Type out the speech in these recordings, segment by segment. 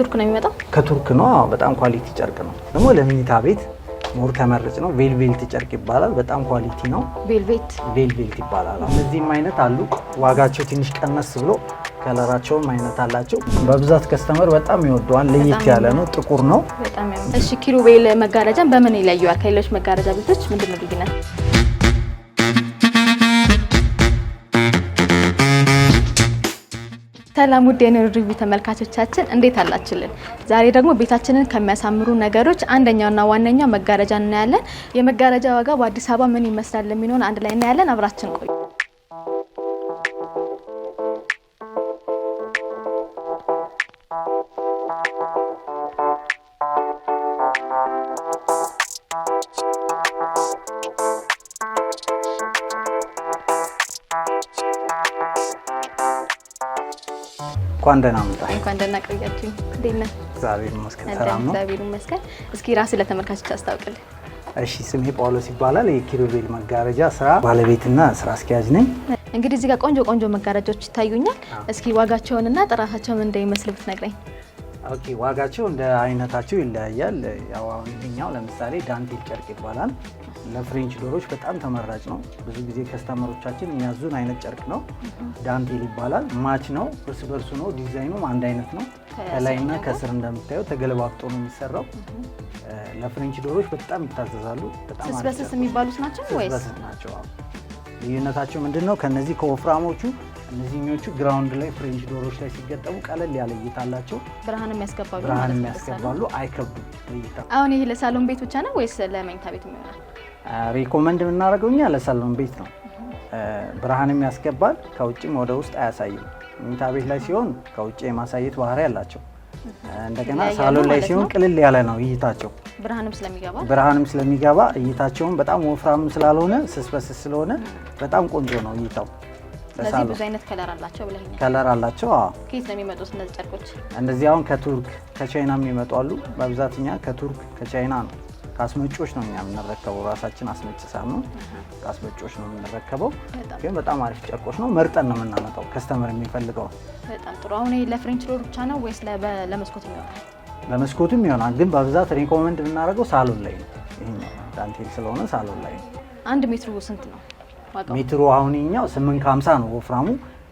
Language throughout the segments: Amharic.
ከቱርክ ነው የሚመጣው? ከቱርክ ነው። በጣም ኳሊቲ ጨርቅ ነው። ደግሞ ለመኝታ ቤት ሞር ተመረጭ ነው። ቬልቬልት ጨርቅ ይባላል። በጣም ኳሊቲ ነው። ቬልቬት ቬልቬልት ይባላል። እነዚህም አይነት አሉ። ዋጋቸው ትንሽ ቀነስ ብሎ ከለራቸውም አይነት አላቸው። በብዛት ከስተመር በጣም ይወደዋል። ለየት ያለ ነው። ጥቁር ነው። እሺ ኪሩቤል መጋረጃን በምን ይለየዋል ከሌሎች መጋረጃ ቤቶች? ምንድን ነው ልዩነት? ሰላም ውድ የኑር ሪቪው ተመልካቾቻችን እንዴት አላችሁልን? ዛሬ ደግሞ ቤታችንን ከሚያሳምሩ ነገሮች አንደኛውና ዋነኛው መጋረጃ እናያለን። የመጋረጃ ዋጋ በአዲስ አበባ ምን ይመስላል የሚሆን አንድ ላይ እናያለን። አብራችን ቆዩ። እንኳን ደህና መጣሽ። እንኳን ደህና ቆያችሁኝ። እንዴት ነህ? እግዚአብሔር ይመስገን ሰላም ነው። እግዚአብሔር ይመስገን። እስኪ ራስ ለተመልካቾች አስታውቅልኝ። እሺ፣ ስሜ ጳውሎስ ይባላል። የኪሩቤል መጋረጃ ስራ ባለቤትና ስራ አስኪያጅ ነኝ። እንግዲህ እዚህ ጋር ቆንጆ ቆንጆ መጋረጃዎች ይታዩኛል። እስኪ ዋጋቸውንና ጥራታቸውን እንደሚመስል ብትነግረኝ። ኦኬ፣ ዋጋቸው እንደ አይነታቸው ይለያያል። ያው አሁን ይሄኛው ለምሳሌ ዳንቴል ጨርቅ ይባላል። ለፍሬንች ዶሮች በጣም ተመራጭ ነው። ብዙ ጊዜ ከስተመሮቻችን የሚያዙን አይነት ጨርቅ ነው። ዳንቴል ይባላል። ማች ነው፣ እርስ በርሱ ነው። ዲዛይኑም አንድ አይነት ነው። ከላይና ከስር እንደምታየው ተገለባብጦ ነው የሚሰራው። ለፍሬንች ዶሮች በጣም ይታዘዛሉ። በጣም የሚባሉት ናቸው ወይስ ናቸው? ልዩነታቸው ምንድን ነው? ከነዚህ ከወፍራሞቹ እነዚህኞቹ ግራውንድ ላይ ፍሬንች ዶሮች ላይ ሲገጠሙ ቀለል ያለ እይታ አላቸው። ብርሃን የሚያስገባሉ ብርሃን የሚያስገባሉ አይከብዱም እይታ። አሁን ይህ ለሳሎን ቤት ብቻ ነው ወይስ ለመኝታ ቤት ይሆናል? ሪኮመንድ የምናደርገው እኛ ለሳሎን ቤት ነው። ብርሃንም ያስገባል፣ ከውጭም ወደ ውስጥ አያሳይም። መኝታ ቤት ላይ ሲሆን ከውጭ የማሳየት ባህሪ ያላቸው እንደገና ሳሎን ላይ ሲሆን ቅልል ያለ ነው እይታቸው፣ ብርሃንም ስለሚገባ እይታቸውን በጣም ወፍራም ስላልሆነ ስስበስስ ስለሆነ በጣም ቆንጆ ነው እይታው። ስለዚህ ብዙ አይነት ከለር አላቸው ከለር አላቸው። አዎ። ከየት ነው የሚመጡት እነዚህ ጨርቆች? እንደዚህ አሁን ከቱርክ ከቻይና የሚመጡ አሉ። በብዛትኛ ከቱርክ ከቻይና ነው ከአስመጪዎች ነው እኛ የምንረከበው። ራሳችን አስመጭ ሳንሆን ከአስመጪዎች ነው የምንረከበው። ግን በጣም አሪፍ ጨርቆች ነው መርጠን ነው የምናመጣው ከስተመር የሚፈልገው። በጣም ጥሩ። አሁን ለፍሬንች ዶር ብቻ ነው ወይስ ለመስኮት ይሆናል? ለመስኮትም ይሆናል፣ ግን በብዛት ሪኮመንድ የምናደርገው ሳሎን ላይ ነው። ዳንቴል ስለሆነ ሳሎን ላይ ነው። አንድ ሜትሩ ስንት ነው? ሜትሩ አሁን ይኛው ስምንት ከሀምሳ ነው ወፍራሙ፣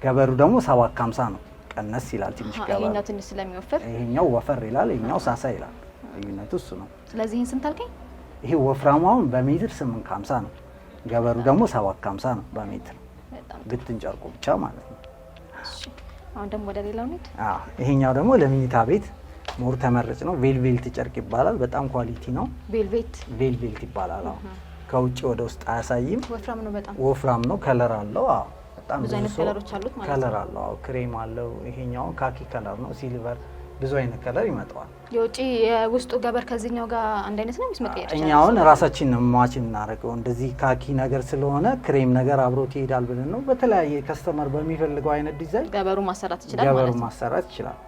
ገበሩ ደግሞ ሰባት ከሀምሳ ነው። ቀነስ ይላል ትንሽ ገበሩ። ስለሚወፍር ይሄኛው ወፈር ይላል፣ ይሄኛው ሳሳ ይላል። ልዩነቱ እሱ ነው። ስለዚህ ይህን ስንት አልከኝ? ይሄ ወፍራሙ አሁን በሜትር ስምንት ከሀምሳ ነው። ገበሩ ደግሞ ሰባት ከሀምሳ ነው በሜትር ግትን ጨርቁ ብቻ ማለት ነው። አሁን ደግሞ ወደ ሌላው እንሂድ። ይሄኛው ደግሞ ለመኝታ ቤት ሞር ተመረጭ ነው። ቬልቬልት ጨርቅ ይባላል። በጣም ኳሊቲ ነው። ቬልቬት ቬልቬልት ይባላል። አዎ ከውጭ ወደ ውስጥ አያሳይም። ወፍራም ነው፣ በጣም ወፍራም ነው። ከለር አለው። አዎ በጣም ብዙ አይነት ከለሮች አሉት ማለት ነው። ከለር አለው። አዎ ክሬም አለው። ይሄኛው ካኪ ከለር ነው ሲልቨር ብዙ አይነት ከለር ይመጣዋል። የውጭ የውስጡ ገበር ከዚህኛው ጋር አንድ አይነት ነው የሚስመቀየር እኛ አሁን ራሳችን ነው ማች የምናደርገው። እንደዚህ ካኪ ነገር ስለሆነ ክሬም ነገር አብሮት ይሄዳል ብለን ነው። በተለያየ ከስተመር በሚፈልገው አይነት ዲዛይን ገበሩ ማሰራት ይችላል ማለት ነው። ገበሩ ማሰራት ይችላል።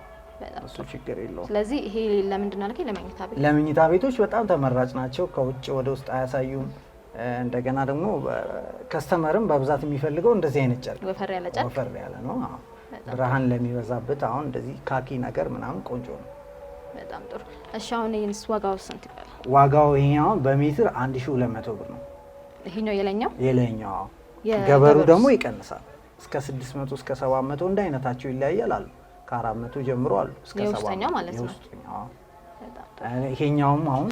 እሱ ችግር የለውም። ስለዚህ ይሄ ለምንድን ነው ለመኝታ ቤት ለመኝታ ቤቶች በጣም ተመራጭ ናቸው። ከውጭ ወደ ውስጥ አያሳዩም። እንደገና ደግሞ ከስተመርም በብዛት የሚፈልገው እንደዚህ አይነት ጨርቅ ወፈር ያለ ጨርቅ ወፈር ያለ ነው። ብርሃን ለሚበዛበት አሁን እንደዚህ ካኪ ነገር ምናምን ቆንጆ ነው። በጣም ጥሩ። እሺ አሁን ይህንስ ዋጋው ስንት ይባላል? ዋጋው ይሄ አሁን በሜትር አንድ ሺ ሁለት መቶ ብር ነው። ይሄ ነው የለኛው የለኛው። ገበሩ ደግሞ ይቀንሳል እስከ ስድስት መቶ እስከ ሰባት መቶ እንደ አይነታቸው ይለያያል አሉ። ከአራት መቶ ጀምሮ አሉ እስከ ሰባት ማለት ነው። ይሄኛውም አሁን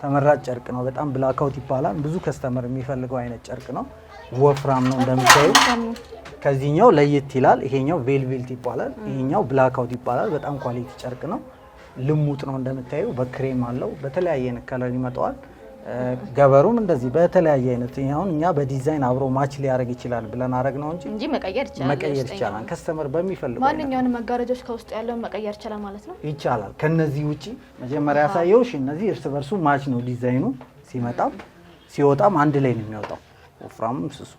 ተመራጭ ጨርቅ ነው። በጣም ብላካውት ይባላል። ብዙ ከስተመር የሚፈልገው አይነት ጨርቅ ነው። ወፍራም ነው እንደምታዩ። ከዚህኛው ለየት ይላል። ይሄኛው ቬልቬልት ይባላል። ይሄኛው ብላክአውት ይባላል። በጣም ኳሊቲ ጨርቅ ነው። ልሙጥ ነው እንደምታዩ። በክሬም አለው። በተለያየ አይነት ከለር ይመጣዋል። ገበሩም እንደዚህ በተለያየ አይነት አሁን እኛ በዲዛይን አብሮ ማች ሊያደርግ ይችላል ብለን አረግ ነው እንጂ እንጂ መቀየር ይችላል መቀየር ይችላል። ከስተመር በሚፈልገው ማንኛውንም መጋረጃዎች ከውስጥ ያለውን መቀየር ይቻላል ማለት ነው ይቻላል። ከነዚህ ውጪ መጀመሪያ እሺ፣ እነዚህ እርስ በርሱ ማች ነው ዲዛይኑ ሲመጣም ሲወጣም አንድ ላይ ነው የሚወጣው። ወፍራሙም ስሱ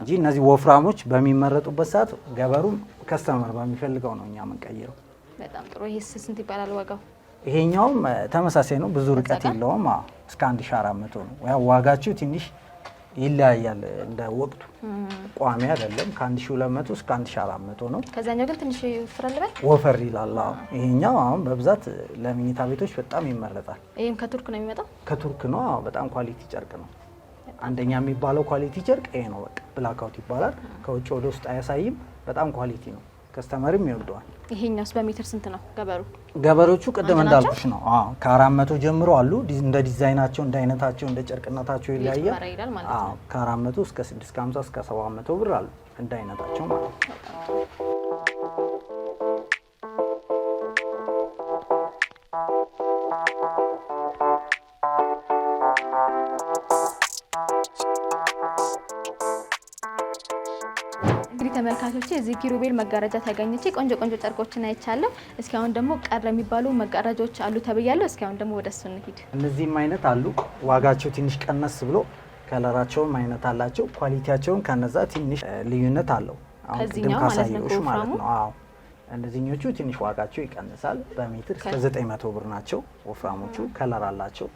እንጂ እነዚህ ወፍራሞች በሚመረጡበት ሰዓት ገበሩም ከስተመር በሚፈልገው ነው እኛ የምንቀይረው። በጣም ጥሩ። ይሄ ስንት ይባላል ዋጋው? ይሄኛውም ተመሳሳይ ነው፣ ብዙ ርቀት የለውም። እስከ 1400 ነው። ያ ዋጋችሁ ትንሽ ይለያያል እንደ ወቅቱ። ቋሚ አይደለም። ከ1200 እስከ 1400 ነው። ከዛኛው ግን ትንሽ ወፈር ወፈር ይላል። ይሄኛው አሁን በብዛት ለመኝታ ቤቶች በጣም ይመረጣል። ይሄም ከቱርክ ነው የሚመጣው። ከቱርክ ነው። በጣም ኳሊቲ ጨርቅ ነው። አንደኛ የሚባለው ኳሊቲ ጨርቅ ይሄ ነው። በቃ ብላካውት ይባላል። ከውጭ ወደ ውስጥ አያሳይም። በጣም ኳሊቲ ነው። ከስተመርም ይወደዋል። ይሄኛውስ በሜትር ስንት ነው ገበሩ? ገበሮቹ ቅድም እንዳልኩሽ ነው። ከአራት መቶ ጀምሮ አሉ። እንደ ዲዛይናቸው፣ እንደ አይነታቸው፣ እንደ ጨርቅነታቸው ይለያያል። ከአራት መቶ እስከ ስድስት ከሀምሳ እስከ ሰባት መቶ ብር አሉ እንደ አይነታቸው ማለት ነው። ተመልካቾቼ እዚህ ጊሩቤል መጋረጃ ተገኝቼ ቆንጆ ቆንጆ ጨርቆችን አይቻለሁ። እስካሁን ደግሞ ቀረ የሚባሉ መጋረጃዎች አሉ ተብያለሁ። እስካሁን ደግሞ ወደ እሱ እንሂድ። እነዚህም አይነት አሉ። ዋጋቸው ትንሽ ቀነስ ብሎ ከለራቸውም አይነት አላቸው። ኳሊቲያቸውን ከነዛ ትንሽ ልዩነት አለው። አሁን ቅድም ካሳየሁሽ ማለት ነው። አዎ እነዚህኞቹ ትንሽ ዋጋቸው ይቀንሳል። በሜትር እስከ መቶ ብር ናቸው። ወፍራሞቹ ከለር አላቸው።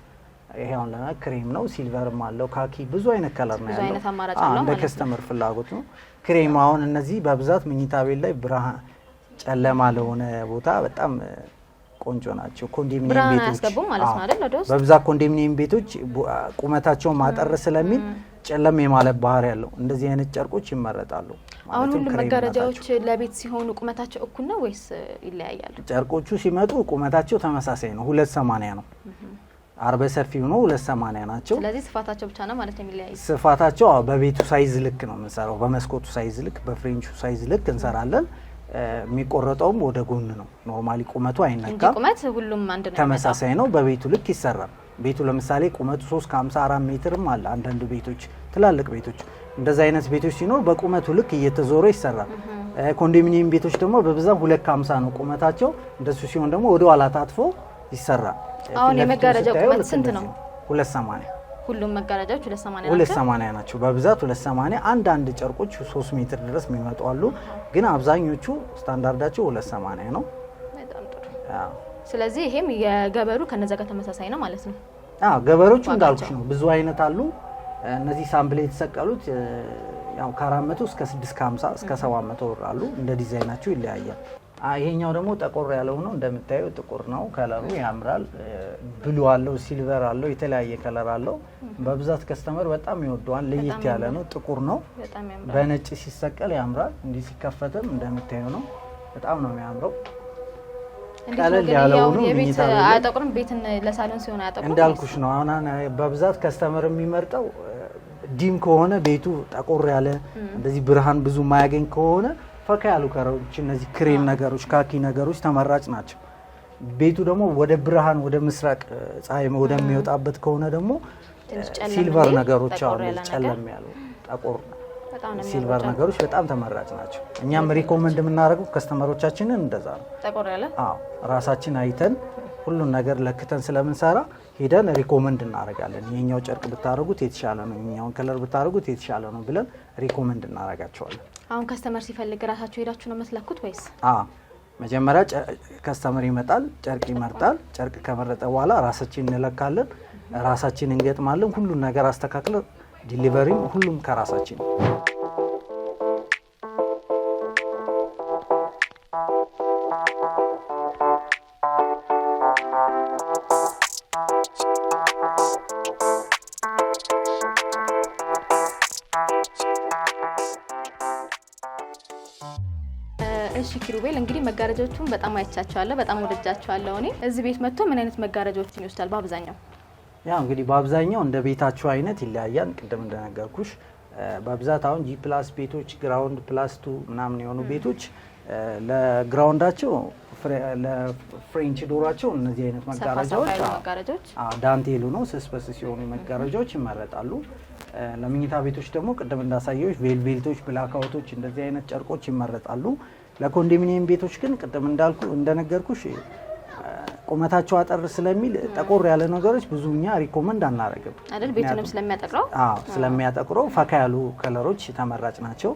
ይሄ ለና ክሬም ነው፣ ሲልቨርም አለው፣ ካኪ ብዙ አይነት ከለር ነው ያለው። እንደ ከስተመር ፍላጎት ነው። ክሬም አሁን እነዚህ በብዛት መኝታ ቤት ላይ ብርሃን ጨለማ ለሆነ ቦታ በጣም ቆንጆ ናቸው። ኮንዶሚኒየም ቤቶች በብዛት ኮንዶሚኒየም ቤቶች ቁመታቸውን ማጠር ስለሚል ጨለም የማለት ባህሪ ያለው እንደዚህ አይነት ጨርቆች ይመረጣሉ። አሁን ሁሉም መጋረጃዎች ለቤት ሲሆኑ ቁመታቸው እኩል ነው ወይስ ይለያያሉ? ጨርቆቹ ሲመጡ ቁመታቸው ተመሳሳይ ነው። ሁለት ሰማኒያ ነው አርበ ሰፊ ሆኖ ሁለት ሰማንያ ናቸው። ስለዚህ ስፋታቸው ብቻ ነው ማለት ነው የሚለያዩ። ስፋታቸው በቤቱ ሳይዝ ልክ ነው የምንሰራው። በመስኮቱ ሳይዝ ልክ፣ በፍሬንቹ ሳይዝ ልክ እንሰራለን። የሚቆረጠውም ወደ ጎን ነው። ኖርማሊ ቁመቱ አይነካም። ቁመት ሁሉም አንድ ነው፣ ተመሳሳይ ነው። በቤቱ ልክ ይሰራል። ቤቱ ለምሳሌ ቁመቱ 3 ከ54 ሜትርም አለ። አንዳንድ ቤቶች ትላልቅ ቤቶች እንደዚ አይነት ቤቶች ሲኖር በቁመቱ ልክ እየተዞረ ይሰራል። ኮንዶሚኒየም ቤቶች ደግሞ በብዛት ከ50 ነው ቁመታቸው። እንደሱ ሲሆን ደግሞ ወደ ኋላ ታጥፎ ይሰራል። አሁን የመጋረጃ ቁመት ስንት ነው? ሁለት ሰማንያ ሁሉም መጋረጃዎች ሁለት ሰማንያ ናቸው። ሁለት ሰማንያ ናቸው በብዛት ሁለት ሰማንያ አንድ አንድ ጨርቆች ሶስት ሜትር ድረስ የሚመጡ አሉ፣ ግን አብዛኞቹ ስታንዳርዳቸው ሁለት ሰማንያ ነው። በጣም ጥሩ። ስለዚህ ይሄም የገበሩ ከነዛ ጋር ተመሳሳይ ነው ማለት ነው። አዎ ገበሮቹ እንዳልኩሽ ነው፣ ብዙ አይነት አሉ። እነዚህ ሳምፕል የተሰቀሉት ያው ከአራት መቶ እስከ ስድስት ከሀምሳ እስከ ሰባት መቶ ብር አሉ። እንደ ዲዛይናቸው ይለያያል። ይሄኛው ደግሞ ጠቆር ያለው ነው። እንደምታየው ጥቁር ነው ከለሩ ያምራል። ብሉ አለው፣ ሲልቨር አለው፣ የተለያየ ከለር አለው። በብዛት ከስተመር በጣም ይወደዋል። ለየት ያለ ነው። ጥቁር ነው። በነጭ ሲሰቀል ያምራል። እንዲህ ሲከፈትም እንደምታየው ነው። በጣም ነው የሚያምረው። ቀለል ያለው ነው። ቤት አያጠቁርም። ቤትን ለሳሎን ሲሆን አያጠቁርም እንዳልኩሽ ነው። አሁን በብዛት ከስተመር የሚመርጠው ዲም ከሆነ ቤቱ ጠቆር ያለ እንደዚህ ብርሃን ብዙ ማያገኝ ከሆነ ፈካ ያሉ ከለሮች እነዚህ ክሬም ነገሮች፣ ካኪ ነገሮች ተመራጭ ናቸው። ቤቱ ደግሞ ወደ ብርሃን ወደ ምስራቅ ፀሐይ ወደሚወጣበት ከሆነ ደግሞ ሲልቨር ነገሮች አሉ፣ ጨለም ያሉ ጠቆር ሲልቨር ነገሮች በጣም ተመራጭ ናቸው። እኛም ሪኮመንድ የምናደርገው ከስተመሮቻችንን እንደዛ ነው። አዎ ራሳችን አይተን ሁሉን ነገር ለክተን ስለምንሰራ ሄደን ሪኮመንድ እናደርጋለን። የኛው ጨርቅ ብታደርጉት የተሻለ ነው፣ የኛውን ከለር ብታደርጉት የተሻለ ነው ብለን ሪኮመንድ እናደርጋቸዋለን። አሁን ከስተመር ሲፈልግ ራሳቸው ሄዳችሁ ነው መስለኩት ወይስ? መጀመሪያ ከስተመር ይመጣል፣ ጨርቅ ይመርጣል። ጨርቅ ከመረጠ በኋላ ራሳችን እንለካለን፣ ራሳችን እንገጥማለን። ሁሉን ነገር አስተካክለን ዲሊቨሪም ሁሉም ከራሳችን ሺህ ኪሩቤል እንግዲህ መጋረጃዎቹን በጣም አይቻቸዋለሁ፣ በጣም ወደጃቸዋለሁ። እኔ እዚህ ቤት መጥቶ ምን አይነት መጋረጃዎችን ይወስዳል? በአብዛኛው ያው እንግዲህ በአብዛኛው እንደ ቤታቸው አይነት ይለያያል። ቅድም እንደነገርኩሽ በብዛት አሁን ጂ ፕላስ ቤቶች ግራውንድ ፕላስ ቱ ምናምን የሆኑ ቤቶች ለግራውንዳቸው ለፍሬንች ዶራቸው እነዚህ አይነት መጋረጃዎች ዳንቴሉ ነው ስስ ሲሆኑ መጋረጃዎች ይመረጣሉ። ለምኝታ ቤቶች ደግሞ ቅድም እንዳሳየዎች ቬልቬልቶች፣ ብላካውቶች እንደዚህ አይነት ጨርቆች ይመረጣሉ። ለኮንዶሚኒየም ቤቶች ግን ቅድም እንዳልኩ እንደነገርኩሽ ቁመታቸው አጠር ስለሚል ጠቆር ያለ ነገሮች ብዙ እኛ ሪኮመንድ አናረግም አይደል? ቤቱንም ስለሚያጠቅረው። አዎ ስለሚያጠቅረው ፈካ ያሉ ከለሮች ተመራጭ ናቸው።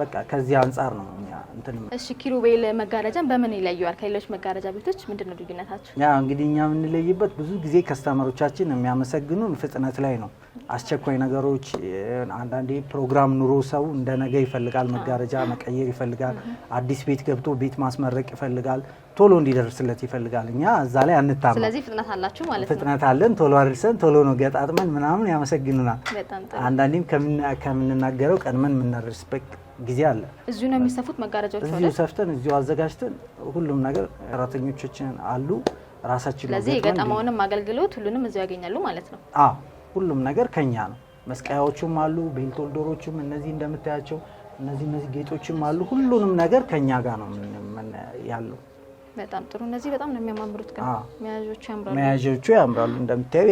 በቃ ከዚህ አንጻር ነው እኛ እንትን። እሺ ኪሩቤል መጋረጃን በምን ይለየዋል ከሌሎች መጋረጃ ቤቶች? ምንድነው ልዩነታቸው? ያ እንግዲህ እኛ የምንለይበት ብዙ ጊዜ ከስተመሮቻችን የሚያመሰግኑን ፍጥነት ላይ ነው። አስቸኳይ ነገሮች፣ አንዳንዴ ፕሮግራም ኑሮ ሰው እንደ ነገ ይፈልጋል፣ መጋረጃ መቀየር ይፈልጋል፣ አዲስ ቤት ገብቶ ቤት ማስመረቅ ይፈልጋል፣ ቶሎ እንዲደርስለት ይፈልጋል። እኛ እዛ ላይ አንታማ። ስለዚህ ፍጥነት አላችሁ ማለት ነው። ፍጥነት አለን። ቶሎ አድርሰን ቶሎ ነው ገጣጥመን ምናምን ያመሰግኑናል። አንዳንዴም ከምንናገረው ቀድመን የምናደርስበት ጊዜ አለ። እዚሁ ነው የሚሰፉት መጋረጃዎች፣ እዚሁ ሰፍተን እዚሁ አዘጋጅተን ሁሉም ነገር ሰራተኞቻችን አሉ ራሳችን። ስለዚህ የገጠማውንም አገልግሎት ሁሉንም እዚሁ ያገኛሉ ማለት ነው። አዎ ሁሉም ነገር ከኛ ነው። መስቀያዎቹም አሉ፣ ቤልቶልዶሮችም እነዚህ እንደምታያቸው እነዚህ እነዚህ ጌጦችም አሉ። ሁሉንም ነገር ከኛ ጋር ነው ያለው። በጣም ጥሩ። እነዚህ በጣም ነው የሚያማምሩት፣ ግን መያዣዎቹ ያምራሉ። መያዣዎቹ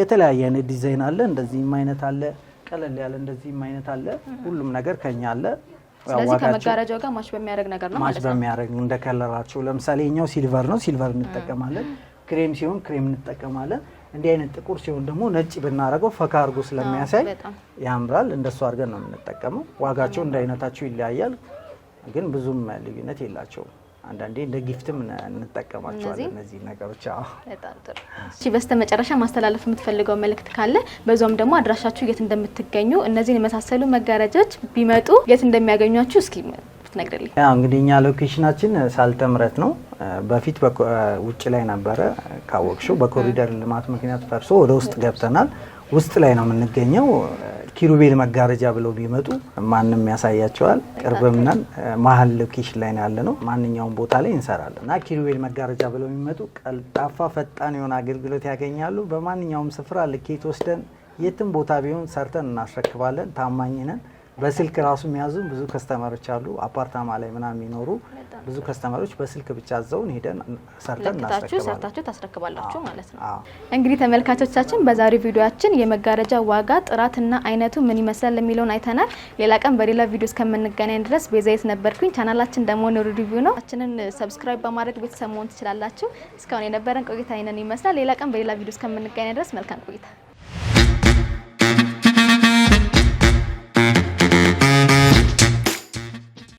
የተለያየ አይነት ዲዛይን አለ። እንደዚህም አይነት አለ፣ ቀለል ያለ እንደዚህም አይነት አለ። ሁሉም ነገር ከኛ አለ። ስለዚህ ከመጋረጃው ጋር ማች በሚያደርግ ነገር ነው ማለት ነው። ማች በሚያደርግ እንደ ከለራቸው። ለምሳሌ እኛው ሲልቨር ነው፣ ሲልቨር እንጠቀማለን። ክሬም ሲሆን ክሬም እንጠቀማለን። እንዲህ አይነት ጥቁር ሲሆን ደግሞ ነጭ ብናደርገው ፈካ አድርጎ ስለሚያሳይ ያምራል። እንደሱ አድርገን ነው የምንጠቀመው። ዋጋቸው እንደ አይነታቸው ይለያያል፣ ግን ብዙም ልዩነት የላቸውም። አንዳንዴ እንደ ጊፍትም እንጠቀማቸዋለን እነዚህ ነገሮች። እሺ፣ በስተ መጨረሻ ማስተላለፍ የምትፈልገው መልእክት ካለ በዛም ደግሞ አድራሻችሁ የት እንደምትገኙ እነዚህን የመሳሰሉ መጋረጃዎች ቢመጡ የት እንደሚያገኟችሁ እስኪ ብትነግርልኝ። እንግዲህ እኛ ሎኬሽናችን ሳልተምረት ነው። በፊት ውጭ ላይ ነበረ ካወቅሽው፣ በኮሪደር ልማት ምክንያት ፈርሶ ወደ ውስጥ ገብተናል። ውስጥ ላይ ነው የምንገኘው። ኪሩቤል መጋረጃ ብለው ቢመጡ ማንም ያሳያቸዋል። ቅርብም ነን። መሀል ሎኬሽን ላይ ነው ያለ ነው። ማንኛውም ቦታ ላይ እንሰራለን እና ኪሩቤል መጋረጃ ብለው ቢመጡ ቀልጣፋ፣ ፈጣን የሆነ አገልግሎት ያገኛሉ። በማንኛውም ስፍራ ልኬት ወስደን የትም ቦታ ቢሆን ሰርተን እናስረክባለን። ታማኝ ነን። በስልክ ራሱ የሚያዙ ብዙ ከስተመሮች አሉ። አፓርታማ ላይ ምናምን የሚኖሩ ብዙ ከስተመሮች በስልክ ብቻ አዘውን ሄደን ሰርተን እናስረክባለን። ሰርታችሁ ታስረክባላችሁ ማለት ነው። እንግዲህ ተመልካቾቻችን በዛሬው ቪዲዮችን የመጋረጃ ዋጋ ጥራትና አይነቱ ምን ይመስላል የሚለውን አይተናል። ሌላ ቀን በሌላ ቪዲዮ እስከምንገናኝ ድረስ ቤዛይት ነበርኩኝ። ቻናላችን ደግሞ ኑሩ ሪቪው ነው። ችንን ሰብስክራይብ በማድረግ ቤተሰብ መሆን ትችላላችሁ። እስካሁን የነበረን ቆይታ አይነን ይመስላል። ሌላ ቀን በሌላ ቪዲዮ እስከምንገናኝ ድረስ መልካም ቆይታ